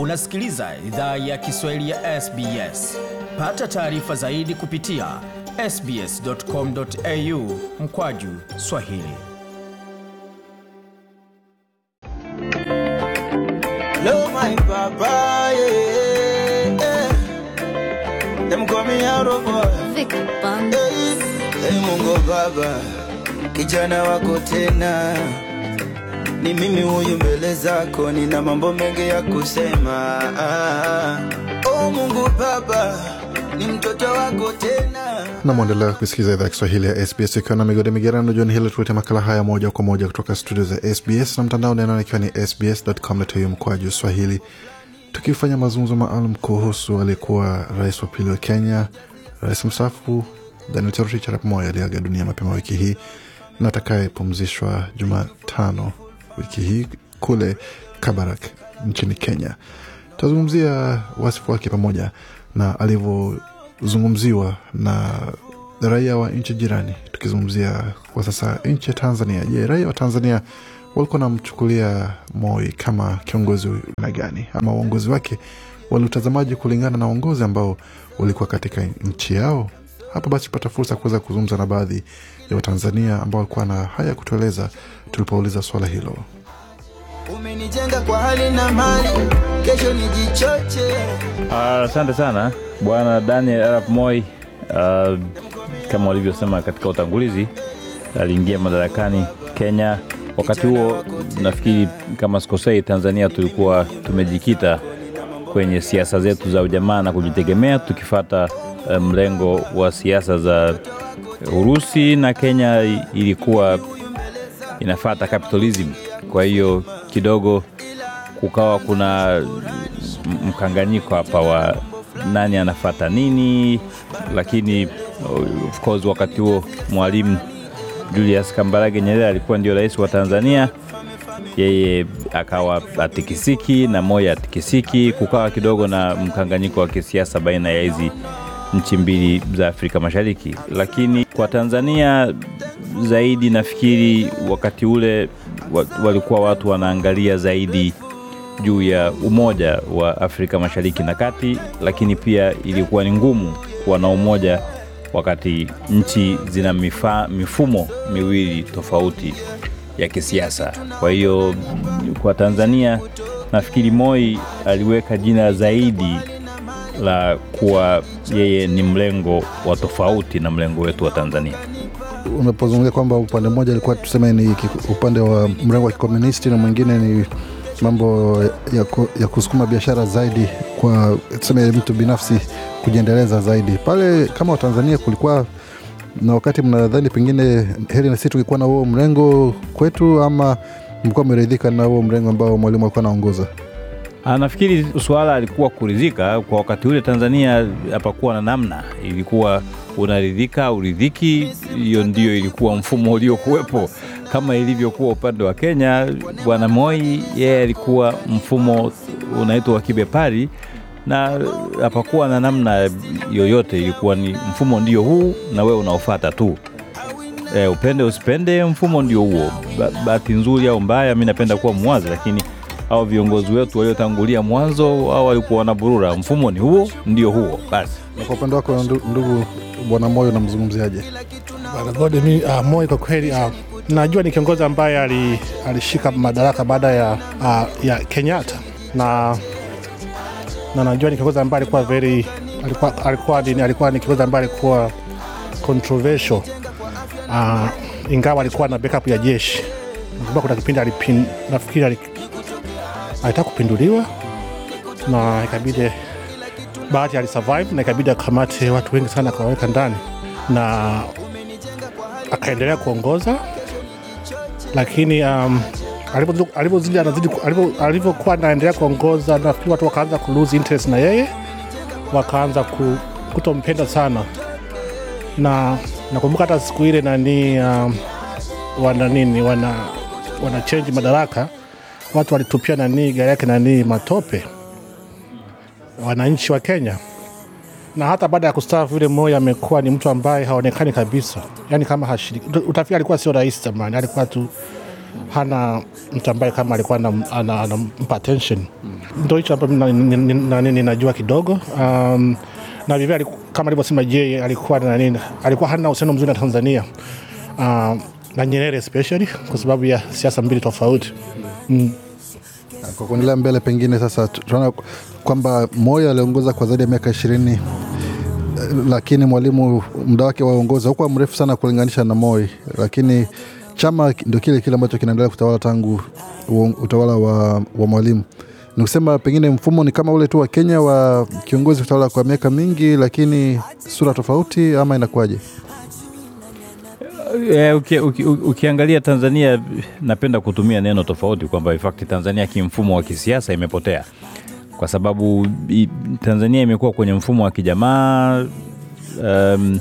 Unasikiliza idhaa ya Kiswahili ya SBS. Pata taarifa zaidi kupitia sbs.com.au mkwaju Swahili. Baba, kijana wako tena ni mimi huyu mbele zako, nina mambo mengi ya kusema. Oh Mungu Baba, ni mtoto wako tena. Na mwendelea kusikiliza idhaa ya Kiswahili ya SBS ikiwa na migode migerano joni hili, tulete makala haya moja kwa moja kutoka studio za SBS na mtandao neno ikiwa ni sbs.com.au juu swahili, tukifanya mazungumzo maalum kuhusu aliyekuwa rais wa pili wa Kenya, rais mstaafu Daniel Toroitich arap Moi aliaga dunia mapema wiki hii na atakayepumzishwa Jumatano wiki hii kule Kabarak nchini Kenya. Tazungumzia wasifu wake pamoja na alivyozungumziwa na raia wa nchi jirani. Tukizungumzia kwa sasa nchi ya Tanzania, je, raia wa Tanzania walikuwa namchukulia Moi kama kiongozi na gani, ama uongozi wake waliutazamaji kulingana na uongozi ambao ulikuwa katika nchi yao? Hapa basi tupata fursa ya kuweza kuzungumza na baadhi ya Watanzania ambao walikuwa na haya kutueleza tulipouliza swala hilo. Umenijenga kwa hali na mali, kesho jichoche. Ah, asante uh, sana Bwana Daniel Arap Moi. Uh, kama walivyosema katika utangulizi, aliingia madarakani Kenya wakati huo, nafikiri kama sikosei, Tanzania tulikuwa tumejikita kwenye siasa zetu za ujamaa na kujitegemea tukifata Eh, mlengo wa siasa za Urusi na Kenya ilikuwa inafata capitalism. Kwa hiyo kidogo kukawa kuna mkanganyiko hapa wa nani anafata nini, lakini eh, of course wakati huo Mwalimu Julius Kambarage Nyerere alikuwa ndio rais wa Tanzania, yeye akawa atikisiki na moya atikisiki, kukawa kidogo na mkanganyiko wa kisiasa baina ya hizi nchi mbili za Afrika Mashariki, lakini kwa Tanzania zaidi nafikiri wakati ule walikuwa watu wanaangalia zaidi juu ya umoja wa Afrika Mashariki na Kati, lakini pia ilikuwa ni ngumu kuwa na umoja wakati nchi zina mifa, mifumo miwili tofauti ya kisiasa. Kwa hiyo kwa Tanzania nafikiri Moi aliweka jina zaidi la kuwa yeye ni mlengo wa tofauti na mlengo wetu wa Tanzania. Unapozungumzia kwamba upande mmoja alikuwa tuseme ni upande wa mrengo wa kikomunisti na mwingine ni mambo ya, ya kusukuma biashara zaidi kwa tuseme mtu binafsi kujiendeleza zaidi pale, kama Watanzania kulikuwa na wakati mnadhani pengine heri na sisi tungekuwa na huo mrengo kwetu, ama mlikuwa mmeridhika na huo mrengo ambao mwalimu alikuwa anaongoza? Ah, nafikiri suala alikuwa kuridhika kwa wakati ule. Tanzania hapakuwa na namna, ilikuwa unaridhika uridhiki, hiyo ndio ilikuwa mfumo uliokuwepo, kama ilivyokuwa upande wa Kenya. Bwana Moi yeye alikuwa mfumo unaitwa wa kibepari, na hapakuwa na namna yoyote, ilikuwa ni mfumo ndio huu na wewe unaofata tu. E, upende usipende, mfumo ndio huo. Bahati nzuri au mbaya, mi napenda kuwa muwazi, lakini au viongozi wetu waliotangulia mwanzo au walikuwa wanaburura. Mfumo ni huo, ndio huo basi. Na kwa upande wako ndugu Bwana Moyo, namzungumziaje? Bwana Gode, mi uh, Moyo kwa kweli uh, najua ni kiongozi ambaye alishika madaraka baada ya, uh, ya Kenyatta na, na najua ni kiongozi ambaye alikuwa very alikuwa, alikuwa, ni, alikuwa ni kiongozi ambaye alikuwa controversial uh, ingawa alikuwa na backup ya jeshi. Kuna kipindi nafikiri alitaka kupinduliwa na ikabidi, bahati alisurvive na ikabidi akamate watu wengi sana akawaweka ndani na akaendelea kuongoza, lakini um, alivyozidi alivyokuwa anaendelea kuongoza, nafikiri watu wakaanza kuluse interest na yeye, wakaanza ku, kutompenda sana na nakumbuka hata siku ile nani um, wana nini wana, wana change madaraka watu walitupia nani gari yake nani matope, wananchi wa Kenya. Na hata baada ya kustaafu yule Moi amekuwa ni mtu ambaye haonekani kabisa, yani kama hashiriki. Utafikiri alikuwa sio rais zamani, alikuwa tu hana mtu ambaye kama alikuwa anampa attention. Mm. Ndo hicho ambacho ninajua kidogo um, na vivyo kama alivyosema je, alikuwa na nini, alikuwa hana uhusiano mzuri na Tanzania uh, na Nyerere especially kwa sababu ya siasa mbili tofauti mm. Kwa kuendelea mbele, pengine sasa tunaona kwamba Moyo aliongoza kwa zaidi ya miaka ishirini, lakini Mwalimu muda wake wa uongozi haukuwa mrefu sana kulinganisha na Moi, lakini chama ndio kile kile ambacho kinaendelea kutawala tangu utawala wa, wa Mwalimu. Ni kusema pengine mfumo ni kama ule tu wa Kenya wa kiongozi kutawala kwa miaka mingi, lakini sura tofauti, ama inakuwaje? E, uki, uki, ukiangalia Tanzania, napenda kutumia neno tofauti kwamba in fact Tanzania kimfumo wa kisiasa imepotea, kwa sababu Tanzania imekuwa kwenye mfumo wa kijamaa. Um,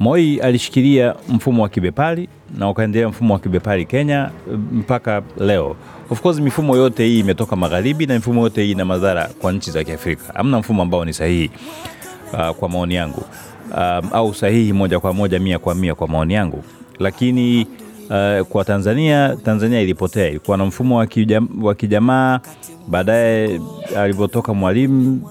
Moi alishikilia mfumo wa kibepari na ukaendelea mfumo wa kibepari Kenya mpaka leo. Of course mifumo yote hii imetoka magharibi na mifumo yote hii ina madhara kwa nchi za Kiafrika. Hamna mfumo ambao ni sahihi uh, kwa maoni yangu um, au sahihi moja kwa moja mia kwa mia kwa maoni yangu lakini uh, kwa Tanzania, Tanzania ilipotea, ilikuwa na mfumo wa kijamaa. Baadaye alivyotoka Mwalimu,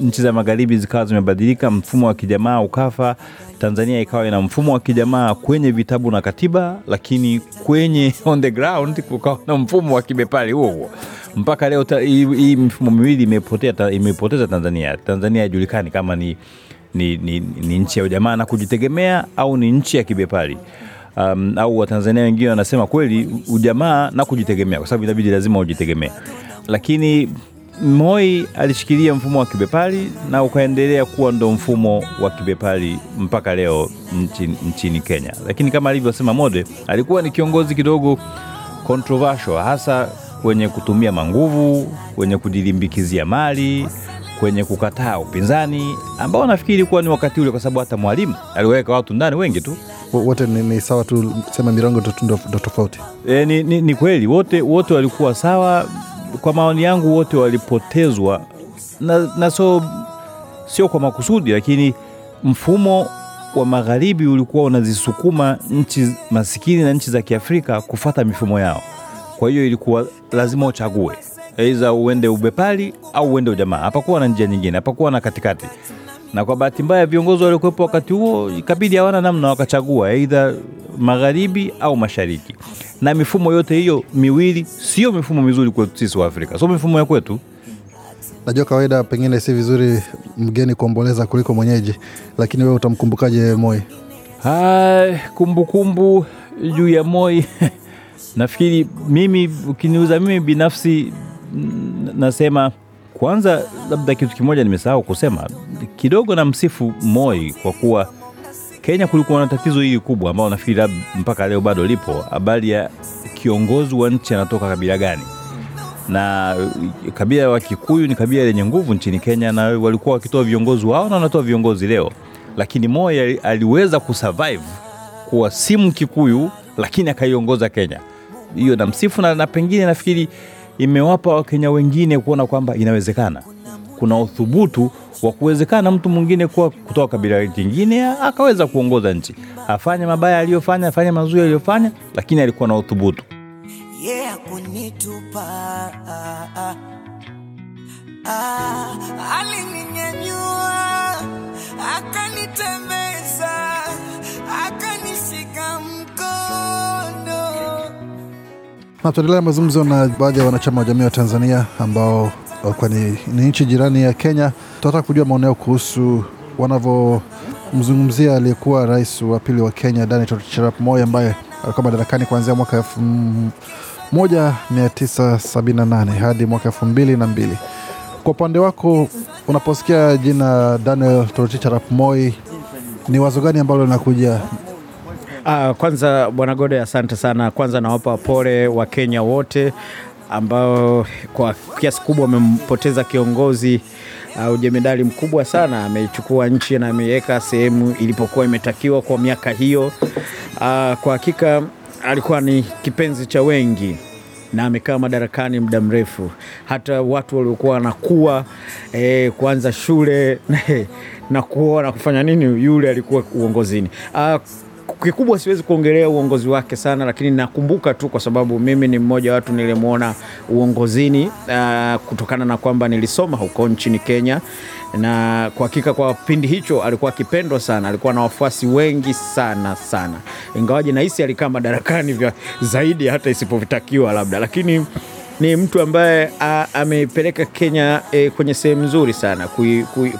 nchi za magharibi zikawa zimebadilika, mfumo wa kijamaa ukafa. Tanzania ikawa ina mfumo wa kijamaa kwenye vitabu na katiba, lakini kwenye on the ground kukawa na mfumo wa kibepari huo huo mpaka leo. Hii mifumo miwili imepotea, imepoteza Tanzania. Tanzania haijulikani kama ni, ni, ni, ni nchi ya ujamaa na kujitegemea au ni nchi ya kibepari um, au Watanzania wengine wanasema kweli ujamaa na kujitegemea, kwa sababu inabidi lazima ujitegemee, lakini Moi alishikilia mfumo wa kibepari na ukaendelea kuwa ndo mfumo wa kibepari mpaka leo nchini, nchini Kenya. Lakini kama alivyosema Mode, alikuwa ni kiongozi kidogo controversial, hasa kwenye kutumia manguvu, kwenye kujilimbikizia mali, kwenye kukataa upinzani ambao nafikiri kuwa ni wakati ule, kwa sababu hata Mwalimu aliweka watu ndani wengi tu wote ni, ni sawa tu, sema mirongo ndo tofauti e, ni, ni, ni kweli wote, wote walikuwa sawa kwa maoni yangu, wote walipotezwa na, na so sio kwa makusudi, lakini mfumo wa magharibi ulikuwa unazisukuma nchi masikini na nchi za Kiafrika kufata mifumo yao. Kwa hiyo ilikuwa lazima uchague, aidha uende ubepari au uende ujamaa. Hapakuwa na njia nyingine, hapakuwa na katikati na kwa bahati mbaya viongozi waliokuwepo wakati huo ikabidi hawana namna, wakachagua aidha magharibi au mashariki, na mifumo yote hiyo miwili sio mifumo mizuri kwetu sisi wa Afrika, sio mifumo ya kwetu. Najua kawaida pengine si vizuri mgeni kuomboleza kuliko mwenyeji, lakini wewe utamkumbukaje Moi? Kumbukumbu juu ya Moi nafikiri mimi, ukiniuza mimi binafsi, nasema kwanza labda kitu kimoja nimesahau kusema kidogo, na msifu Moi kwa kuwa Kenya kulikuwa na tatizo hili kubwa, ambao nafikiri mpaka leo bado lipo, habari ya kiongozi wa nchi anatoka kabila gani, na kabila wa Kikuyu ni kabila lenye nguvu nchini Kenya, na walikuwa wakitoa viongozi wao na wanatoa viongozi leo, lakini Moi aliweza kusurvive kuwa si Mkikuyu, lakini akaiongoza Kenya. Hiyo namsifu na, na pengine nafikiri imewapa Wakenya wengine kuona kwamba inawezekana, kuna uthubutu wa kuwezekana mtu mwingine kuwa kutoka kabila jingine akaweza kuongoza nchi, afanye mabaya aliyofanya, afanye mazuri aliyofanya, lakini alikuwa na uthubutu. Yeah, kunitupa ah, ah. ah alininyanyua akanitembe Na tuendelea mazungumzo na baadhi ya wanachama wa jamii wa Tanzania ambao walikuwa ni nchi jirani ya Kenya. Tunataka kujua maoneo kuhusu wanavyomzungumzia aliyekuwa rais wa pili wa Kenya Daniel Toroitich Moi ambaye alikuwa madarakani kuanzia mwaka elfu moja mia tisa sabini na nane hadi mwaka elfu mbili na mbili. Kwa upande wako unaposikia jina Daniel Toroitich Arap Moi, ni wazo gani ambalo linakuja Uh, kwanza Bwana Gode, asante sana. Kwanza nawapa pole Wakenya wote ambao kwa kiasi kubwa wamempoteza kiongozi uh, ah, ujemedali mkubwa sana. Ameichukua nchi na ameiweka sehemu ilipokuwa imetakiwa kwa miaka hiyo. Uh, kwa hakika alikuwa ni kipenzi cha wengi na amekaa madarakani muda mrefu. Hata watu waliokuwa wanakuwa eh, kuanza shule na kuoa na kufanya nini, yule alikuwa uongozini. Uh, kikubwa siwezi kuongelea uongozi wake sana, lakini nakumbuka tu kwa sababu mimi ni mmoja watu nilimwona uongozini uh, kutokana na kwamba nilisoma huko nchini Kenya, na kwa hakika kwa pindi hicho alikuwa akipendwa sana, alikuwa na wafuasi wengi sana sana, ingawaje nahisi alikaa madarakani vya zaidi hata isipovitakiwa labda, lakini ni mtu ambaye uh, amepeleka Kenya e, kwenye sehemu nzuri sana kui, kui, kui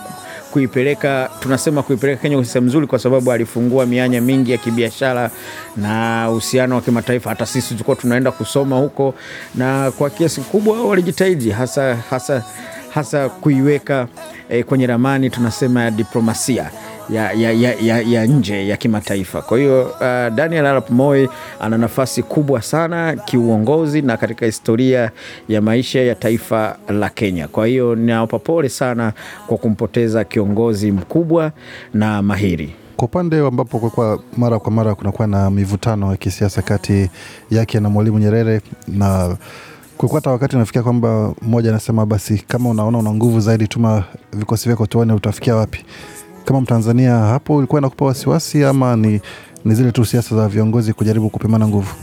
kuipeleka, tunasema kuipeleka Kenya kwenye sehemu nzuri, kwa sababu alifungua mianya mingi ya kibiashara na uhusiano wa kimataifa. Hata sisi tulikuwa tunaenda kusoma huko, na kwa kiasi kubwa walijitahidi hasa, hasa, hasa kuiweka eh, kwenye ramani tunasema ya diplomasia ya, ya, ya, ya, ya nje ya kimataifa. Kwa hiyo uh, Daniel Arap Moi ana nafasi kubwa sana kiuongozi na katika historia ya maisha ya taifa la Kenya. Kwa hiyo ninawapa pole sana kwa kumpoteza kiongozi mkubwa na mahiri kwa upande ambapo kwa mara kwa mara kunakuwa na mivutano ya kisiasa kati yake na Mwalimu Nyerere na kulikuwa hata wakati unafikia kwamba mmoja anasema basi, kama unaona una nguvu zaidi, tuma vikosi vyako tuone utafikia wapi kama Mtanzania hapo ulikuwa inakupa wasiwasi ama ni, ni zile tu siasa za viongozi kujaribu kupimana nguvu?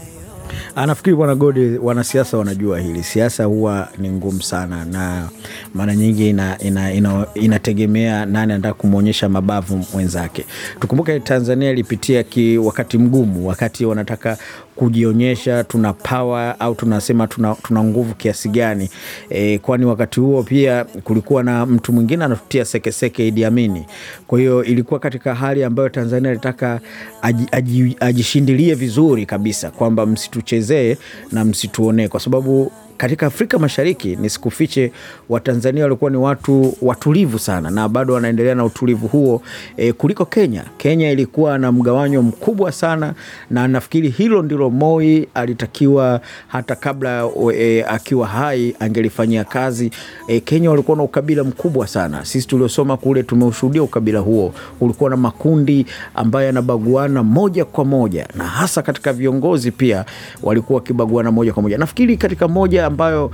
Ah, nafikiri Bwana Godi, wanasiasa wanajua hili. Siasa huwa ni ngumu sana, na mara nyingi inategemea ina, ina, ina nani anataka kumwonyesha mabavu mwenzake. Tukumbuke Tanzania ilipitia ki wakati mgumu, wakati wanataka kujionyesha tuna power au tunasema tuna, tuna nguvu kiasi gani e, kwani wakati huo pia kulikuwa na mtu mwingine anatutia sekeseke Idi Amini. Kwa hiyo ilikuwa katika hali ambayo Tanzania alitaka aji, aji, ajishindilie vizuri kabisa kwamba msituchezee na msituonee, kwa sababu katika Afrika Mashariki nisikufiche, Watanzania walikuwa ni watu watulivu sana na bado wanaendelea na utulivu huo e, kuliko Kenya. Kenya ilikuwa na mgawanyo mkubwa sana, na nafikiri hilo ndilo Moi alitakiwa hata kabla e, akiwa hai angelifanyia kazi e, Kenya walikuwa na ukabila mkubwa sana. Sisi tuliosoma kule tumeushuhudia ukabila huo, ulikuwa na makundi ambayo yanabaguana moja kwa moja, na hasa katika viongozi pia walikuwa wakibaguana moja kwa moja. Nafikiri katika moja ambayo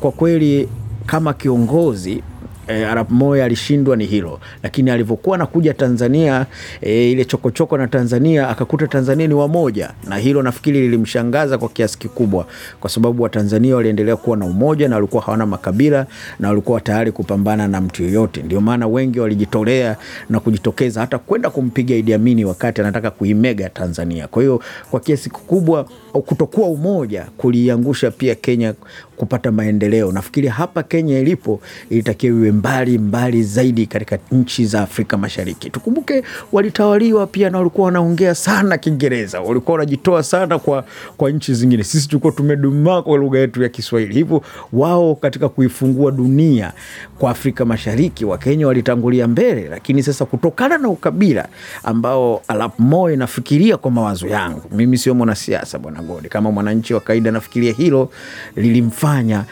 kwa kweli kama kiongozi e, Arap Moyo alishindwa ni hilo, lakini alivyokuwa anakuja Tanzania e, ile chokochoko choko na Tanzania akakuta Tanzania ni wamoja, na hilo nafikiri lilimshangaza kwa kiasi kikubwa, kwa sababu Watanzania waliendelea kuwa na umoja na walikuwa hawana makabila na walikuwa tayari kupambana na mtu yoyote. Ndio maana wengi walijitolea na kujitokeza hata kwenda kumpiga Idi Amin wakati anataka kuimega Tanzania. Kwa hiyo kwa kiasi kikubwa kutokuwa umoja kuliangusha pia Kenya kupata maendeleo. Nafikiri hapa Kenya ilipo ilitakiwa iwe mbali mbali zaidi katika nchi za Afrika Mashariki. Tukumbuke walitawaliwa pia na walikuwa wanaongea sana Kiingereza, walikuwa wanajitoa sana kwa, kwa nchi zingine. Sisi tulikuwa tumedumaa kwa lugha yetu ya Kiswahili, hivyo wao katika kuifungua dunia kwa Afrika Mashariki Wakenya walitangulia mbele, lakini sasa kutokana na ukabila ambao Arap Moi, nafikiria kwa mawazo yangu, mimi sio mwanasiasa bwana Godi, kama mwananchi wa kawaida, nafikiria hilo lilimfanya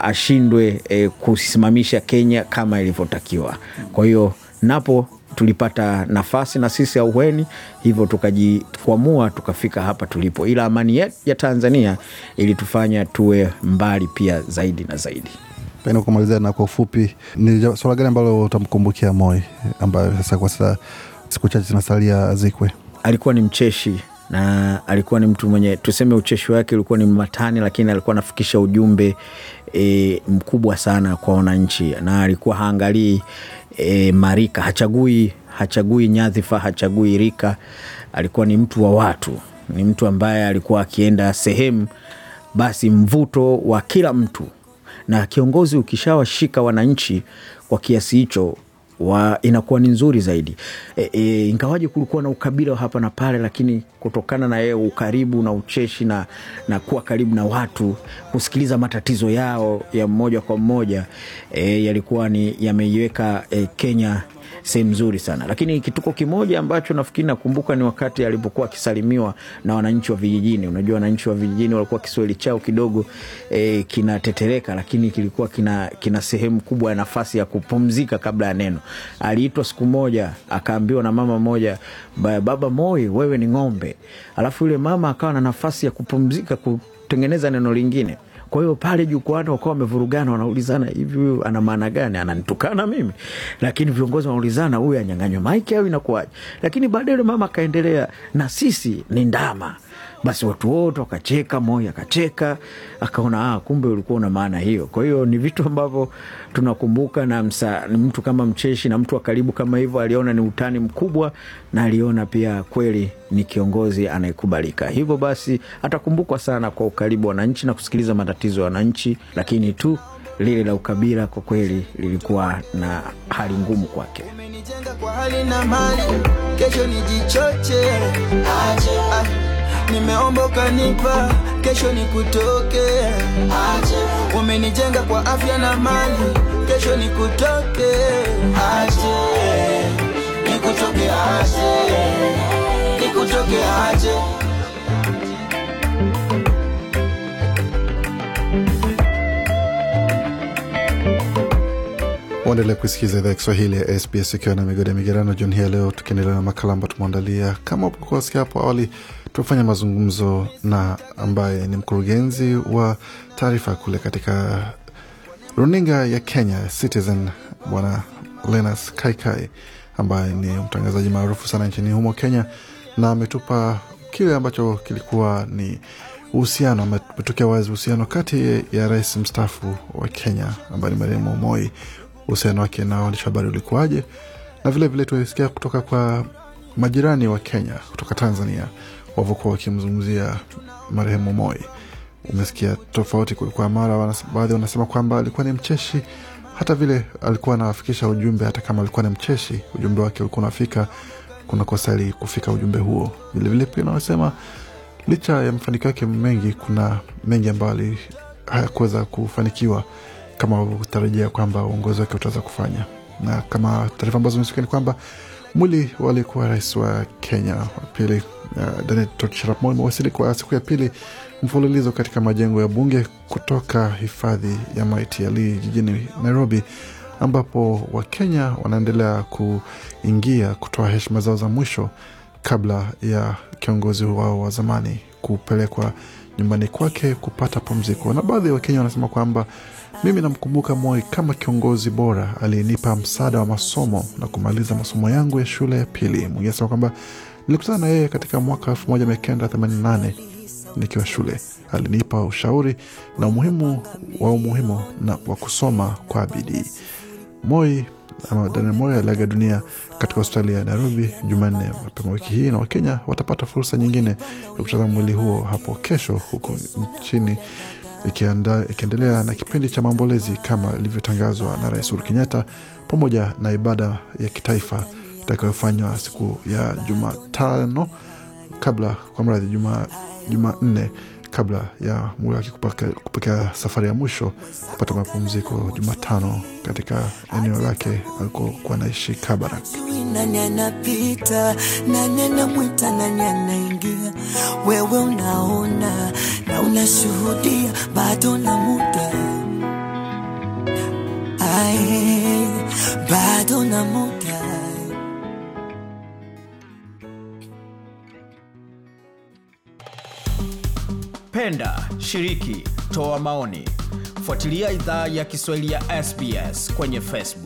ashindwe e, kusimamisha Kenya kufanya kama ilivyotakiwa. Kwa hiyo napo tulipata nafasi na sisi Ahueni, hivyo tukajikwamua tukafika hapa tulipo, ila amani yetu ya Tanzania ilitufanya tuwe mbali pia zaidi na zaidi. Pengine kumalizia na kwa ufupi, ni swala gani ambalo utamkumbukia Moi ambayo sasa kwa sasa siku chache zinasalia azikwe? Alikuwa ni mcheshi na alikuwa ni mtu mwenye tuseme, ucheshi wake ulikuwa ni matani, lakini alikuwa anafikisha ujumbe e, mkubwa sana kwa wananchi, na alikuwa haangalii e, marika, hachagui hachagui nyadhifa, hachagui rika. Alikuwa ni mtu wa watu, ni mtu ambaye alikuwa akienda sehemu, basi mvuto wa kila mtu na kiongozi ukishawashika wananchi kwa kiasi hicho, wa, inakuwa ni nzuri zaidi e, e, ingawaji kulikuwa na ukabila hapa na pale, lakini kutokana na yeye ukaribu na ucheshi na, na kuwa karibu na watu kusikiliza matatizo yao ya mmoja kwa mmoja e, yalikuwa ni yameiweka e, Kenya sehemu nzuri sana, lakini kituko kimoja ambacho nafikiri nakumbuka ni wakati alipokuwa akisalimiwa na wananchi wa vijijini. Unajua wananchi wa vijijini walikuwa Kiswahili chao kidogo e, kinatetereka, lakini kilikuwa kina, kina sehemu kubwa ya nafasi ya kupumzika kabla ya neno. Aliitwa siku moja akaambiwa na mama moja, baba Moi wewe ni ng'ombe, alafu yule mama akawa na nafasi ya kupumzika kutengeneza neno lingine. Kwa hiyo pale jukwani wakawa wamevurugana, wanaulizana hivi, huyu ana maana gani? Ananitukana mimi? Lakini viongozi wanaulizana, huyu anyang'anywe maiki au inakuwaje? Lakini baadaye yule mama akaendelea, na sisi ni ndama basi watu wote wakacheka, moya akacheka, akaona ah, kumbe ulikuwa una maana hiyo. Kwa hiyo ni vitu ambavyo tunakumbuka, na msa, mtu kama Mcheshi na mtu wa karibu kama hivyo aliona ni utani mkubwa, na aliona pia kweli ni kiongozi anayekubalika. Hivyo basi atakumbukwa sana kwa ukaribu wananchi na kusikiliza matatizo ya wananchi, lakini tu lile la ukabila kwa kweli lilikuwa na hali ngumu kwake. Umenijenga kwa hali na mali, kesho nijichoche aje nimeomboka nipa kesho nikutoke, aje umenijenga kwa afya na mali, kesho nikutoke, aje nikutoke, aje nikutoke, aje Waendelea kusikiliza idhaa ya Kiswahili ya SBS ukiwa na migodi ya migerano. Jioni hii ya leo tukiendelea na makala ambayo tumeandalia. Kama upokuwasikia hapo awali tumefanya mazungumzo na ambaye ni mkurugenzi wa taarifa kule katika runinga ya Kenya Citizen, Bwana Lenas Kaikai ambaye ni mtangazaji maarufu sana nchini humo Kenya, na ametupa kile ambacho kilikuwa ni uhusiano, ametokea wazi uhusiano kati ya rais mstaafu wa Kenya ambaye ni marehemu Moi, uhusiano wake na waandishi habari ulikuwaje, na vilevile tumesikia kutoka kwa majirani wa Kenya kutoka Tanzania walivyokuwa wakimzungumzia marehemu Moi. Umesikia tofauti, kulikuwa mara baadhi wanasema, kwamba alikuwa ni mcheshi, hata vile alikuwa anawafikisha ujumbe, hata kama alikuwa ni mcheshi, ujumbe wake ulikuwa unafika, kuna kosa ili kufika ujumbe huo. Vilevile pia wanasema licha ya mafanikio yake mengi, kuna mengi ambayo hayakuweza kufanikiwa kama kutarajia kwamba uongozi wake utaweza kufanya, na kama taarifa ambazo ni kwamba Mwili wa aliyekuwa rais wa Kenya wa pili uh, Daniel Arap Moi umewasili kwa siku ya pili mfululizo katika majengo ya bunge kutoka hifadhi ya maiti ya Lee jijini Nairobi, ambapo Wakenya wanaendelea kuingia kutoa heshima zao za mwisho kabla ya kiongozi wao wa zamani kupelekwa nyumbani kwake kupata pumziko. Na baadhi ya Wakenya wanasema kwamba mimi namkumbuka Moi kama kiongozi bora aliyenipa msaada wa masomo na kumaliza masomo yangu ya shule ya pili. Mwingi asema kwamba nilikutana na yeye katika mwaka 1988 nikiwa shule. Alinipa ushauri na umuhimu wa umuhimu na wa kusoma kwa bidii. Moi ama Daniel Moi aliaga dunia katika hospitali ya Nairobi Jumanne mapema wiki hii, na Wakenya watapata fursa nyingine ya kutazama mwili huo hapo kesho huko nchini ikiendelea na kipindi cha maombolezi kama ilivyotangazwa na Rais Uhuru Kenyatta, pamoja na ibada ya kitaifa itakayofanywa siku ya Jumatano kabla kwa mradhi Jumanne kabla ya wake kupokea safari ya mwisho kupata mapumziko Jumatano katika eneo lake alikokuwa naishi Kabarak. Nani anapita, nani anamwita, nani anaingia, wewe unaona unashuhudia bado na muda Ae, bado na muda penda shiriki toa maoni fuatilia idhaa ya kiswahili ya sbs kwenye facebook